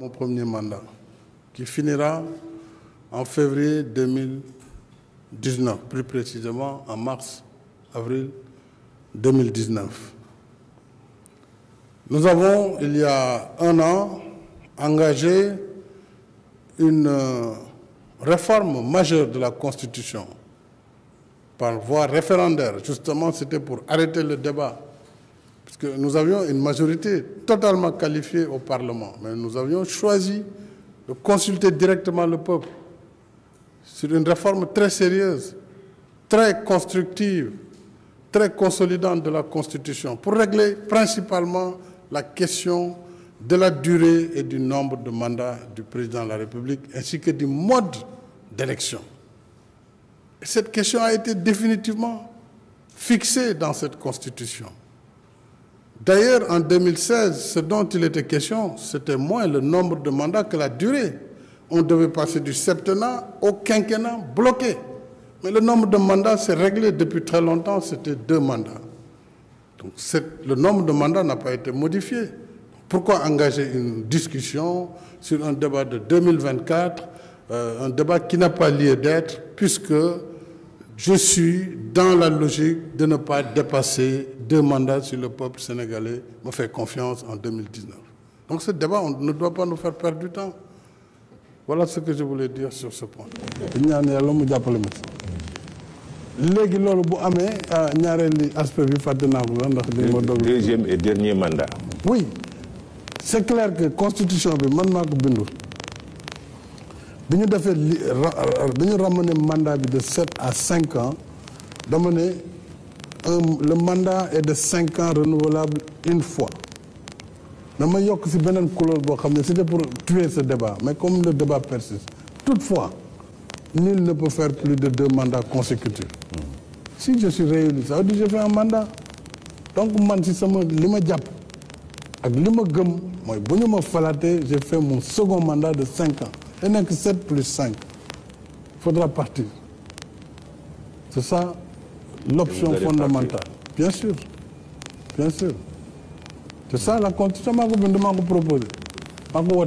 mon premier mandat, qui finira en février 2019, plus précisément en mars-avril 2019. Nous avons, il y un an, engagé une euh, réforme majeure de la Constitution par voie référendaire. Justement, c'était pour arrêter le débat que nous avions une majorité totalement qualifiée au Parlement, mais nous avions choisi de consulter directement le peuple sur une réforme très sérieuse, très constructive, très consolidante de la Constitution, pour régler principalement la question de la durée et du nombre de mandats du président de la République, ainsi que du mode d'élection. Cette question a été définitivement fixée dans cette Constitution. D'ailleurs, en 2016, ce dont il était question, c'était moins le nombre de mandats que la durée. On devait passer du septennat au quinquennat bloqué. Mais le nombre de mandats s'est réglé depuis très longtemps, c'était deux mandats. le nombre de mandats n'a pas été modifié. Pourquoi engager une discussion sur un débat de 2024, euh, un débat qui n'a pas lieu d'être, puisque je suis dans la logique de ne pas dépasser deux mandats sur le peuple sénégalais me fait confiance en 2019 donc ce débat on ne doit pas nous faire perdre du temps voilà ce que je voulais dire sur ce point ñaan yàlla mu jàppale ma léegi loolu bu amee ah, ñaareeli aspect bi fàtte naa ko sax ndax dañ ma dog deuxième et dernier mandat oui c'est clair que constitution bi man maa ko bindul bi ñu defee li bi mandat bi de sept à cinq ans dama ne le mandat et de cinq ans renouvelable une fois dama yokk si beneen couleur boo xam ne c'était pour tuer ce débat mais comme le débat persiste toutefois nul ne peut faire plus de deux mandats consécutifs hmm. si je suis réélu ça veut je fais un mandat donc man si sama li ma jàpp ak li ma gëm mooy bu ñu ma falaatee j'ai fait mon second mandat de cinq ans da nekk 7 plus 5 faudra partir c'est la constitution maa ko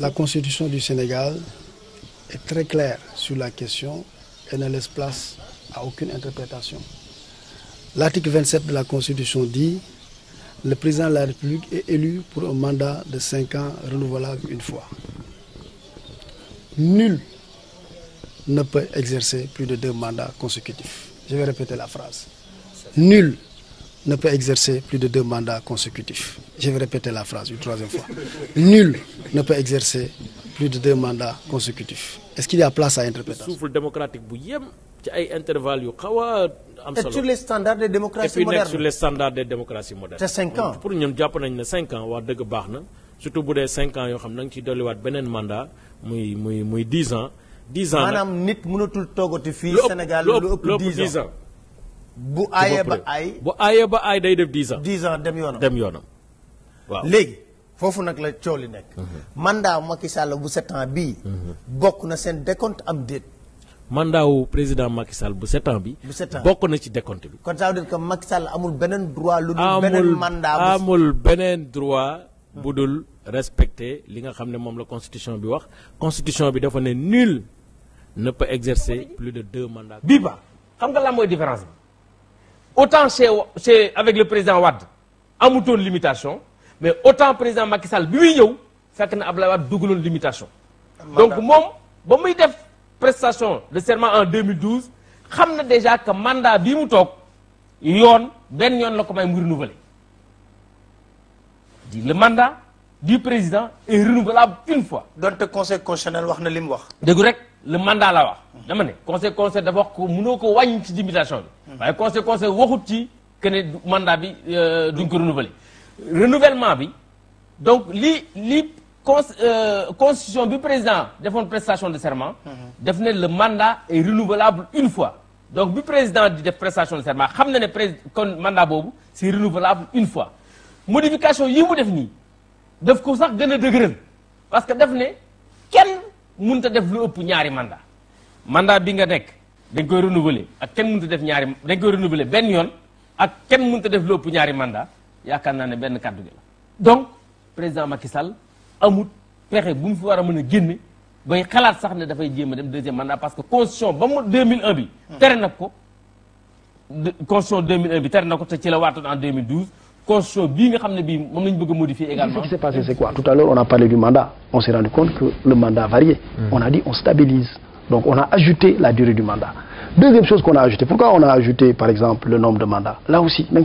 la constitution du Sénégal est très la question et ne laisse place à aucune interprétation l'article 27 la constitution dit le président de la République est élu pour un mandat de cinq ans renouvelable une fois. Nul ne peut exercer plus de deux mandats consécutifs. Je vais répéter la phrase. Nul ne peut exercer plus de deux mandats consécutifs. Je vais répéter la phrase une troisième fois. Nul ne peut exercer plus de deux mandats consécutifs. Est-ce qu'il y a place à interprétation? Souffle démocratique bu ci ay intervalles yu xaw a am solo. et sur les standards des démocraties modernes et puis nekk sur les standards des démocraties modernes. te 5 ans pour ñun jàpp nañ ne 5 ans wax dëgg baax na surtout bu dee 5 ans yoo xam na nga dolliwaat beneen mandat muy muy muy 10 ans. 10 ans maanaam nit mënatul toogati fii. Sénégal lu ëpp 10 ans bu aayee ba aay bu aayee ba aay day def 10 ans. 10 ans dem yoonam dem yoonam waaw léegi. foofu nag la coow li nekk. Mhm. mandat Macky Sall bu sept ans bii. Mhm. bokk na seen décompte am déet. mandat wu président Macky Sall bu sept ans bi. bu sept ans bokk na ci décompte bi. kon ça veut dire que Macky Sall amul beneen droit. lu dul beneen mandat amul beneen droit. bu dul respecter li nga xam ne moom la constitution bi wax constitution bi dafa ne nul ne peut de deux mandats. bii ba xam nga lan mooy différence bi autant chez chez avec le président Wade amutoon limitation mais autant président Macky Sall bi muy ñëw fekk na Abdoulaye Wade dugaloon limitation. donc moom ba muy def. prestation de serment en 2012 xam na déjà que mandat bii mu toog yoon benn yoon la ko may mu renouveler di le mandat du président est renouvelable une fois. donte conseil constitutionnel wax na li mu wax. déggu rek le mandat la wax. dama ne conseil constitutionnel dafa wax ko mënoo ko wàññi ci limitation bi. Hmm. waaye conseil constitutionnel waxut ci que mandat bi euh, duñ ko renouveler renouvellement bi donc li li. con euh, constitution bi président defoon prestation de serment. Mhm. def ne le mandat est renouvelable une fois donc bi président di def prestation de serment xam na ne prés kon mandat boobu c'est renouvelable une fois modification yi mu def nii def ko sax gën a dëgëral parce que def ne kenn mënut a def lu ëpp ñaari mandat mandat bi nga nekk dañ koy renouveler ak kenn mënut a def ñaari dañ koy renouveler benn yoon ak kenn mënut a def lu ëpp ñaari mandat yaakaar naa ne benn kaddu gi la donc président Macky Sall. amut pexe bu mu fi war a mën a génne bay xalaat sax ne dafay jéem a dem deuxième mandat parce que constitution ba mu 2001 bi. tere na ko constitution bi tere na ko te ci la waatoon en 2012. constitution nga xam ne bii moom la ñu bëgg a modifier également. ce qui s'est passé c'est quoi tout à l'heure on a parlé du mandat on s'est rendu compte que le mandat variait. Hmm. on a dit on stabilise. donc on a ajouté la durée du mandat. deuxième chose qu'on a ajouté pourquoi on a ajouté par exemple le nombre de mandats là aussi même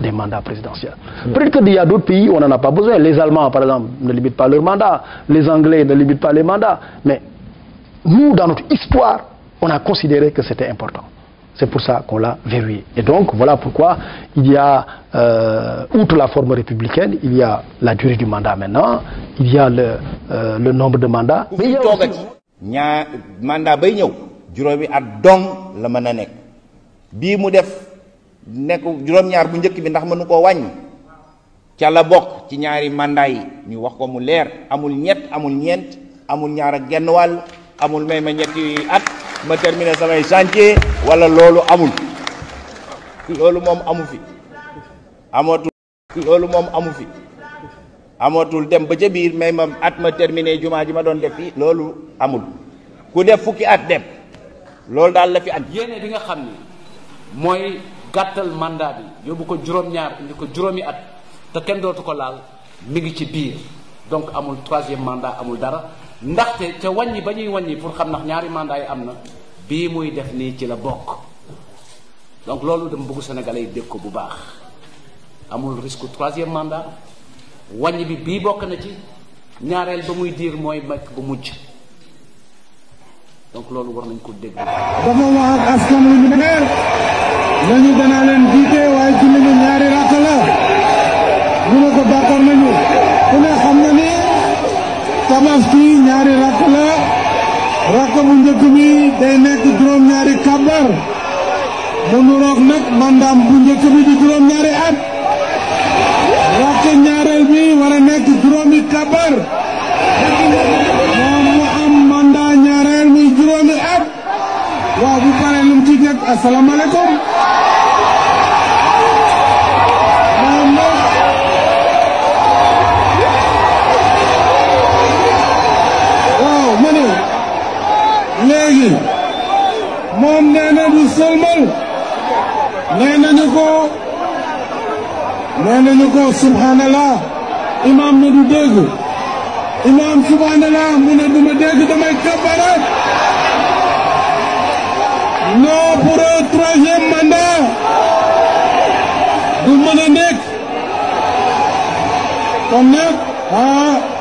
des mandats présidentiels. Peut-être qu'il a d'autres pays on n'en a pas besoin. Les Allemands, par exemple, ne limitent pas leurs mandats. Les Anglais ne limitent pas les mandats. Mais nous, dans notre histoire, on a considéré que c'était important. C'est pour ça qu'on l'a verrouillé. Et donc, voilà pourquoi il y a, euh, outre la forme républicaine, il y a la durée du mandat maintenant, il y a le, euh, le nombre de mandats. Mais il y a aussi... mandat bay ñew la mëna nek def nekk juróom-ñaar bu njëkk bi ndax mënu koo wañ ca bokk ci ñaari màndaay yi ñu wax ko mu leer amul ñett amul ñeent amul ñaar ak genn wàll amul may ma ñetti at ma terminé samay chantier wala loolu amul loolu moom amu fi amatul loolu moom amu fi amatul dem ba ca biir may ma at ma terminé jumaa ji ma doon def fii loolu amul ku def fukki at dem loolu daal la fi at yéene bi nga xam ni mooy gàttal mandat bi yóbbu ko juróom-ñaar indi ko juróomi at te kenn dootu ko laal mi ngi ci biir donc amul troisième mandat amul dara ndaxte ca wàññi ba ñuy wàññi pour xam ndax ñaari mandat yi am na bii muy def nii ci la bokk donc loolu dama bëgg Sénégalais yi ko bu baax amul risque troisième mandat wàññi bi bii bokk na ci ñaareel ba muy diir mooy mekk bu mujj donc loolu war nañ ko dégg. dafa wax ak askan wi nañu danaa leen jiite waaye julli ñu ñaari rakk la ñu ne ko d'accord nañu ku ne xam na ne tabaski ñaari rakk la rakk day nekk juróom-ñaari kàbbar mu nuroog nag mandaam bu njëkk bi di juróom-ñaari at rakk ñaareel bi war a nekk juróomi kàbbar moom am mandat ñaareel muy juróomi at waaw bu paree lu mu ci nekk asalaamaaleykum moom nee na du sëlmal nee nañu ko ko subhanallah imaam ne du dégg imaam subhanallah mu du ma dégg damay kabarat non pour un troisième mandat du mën a nekk kon nag ah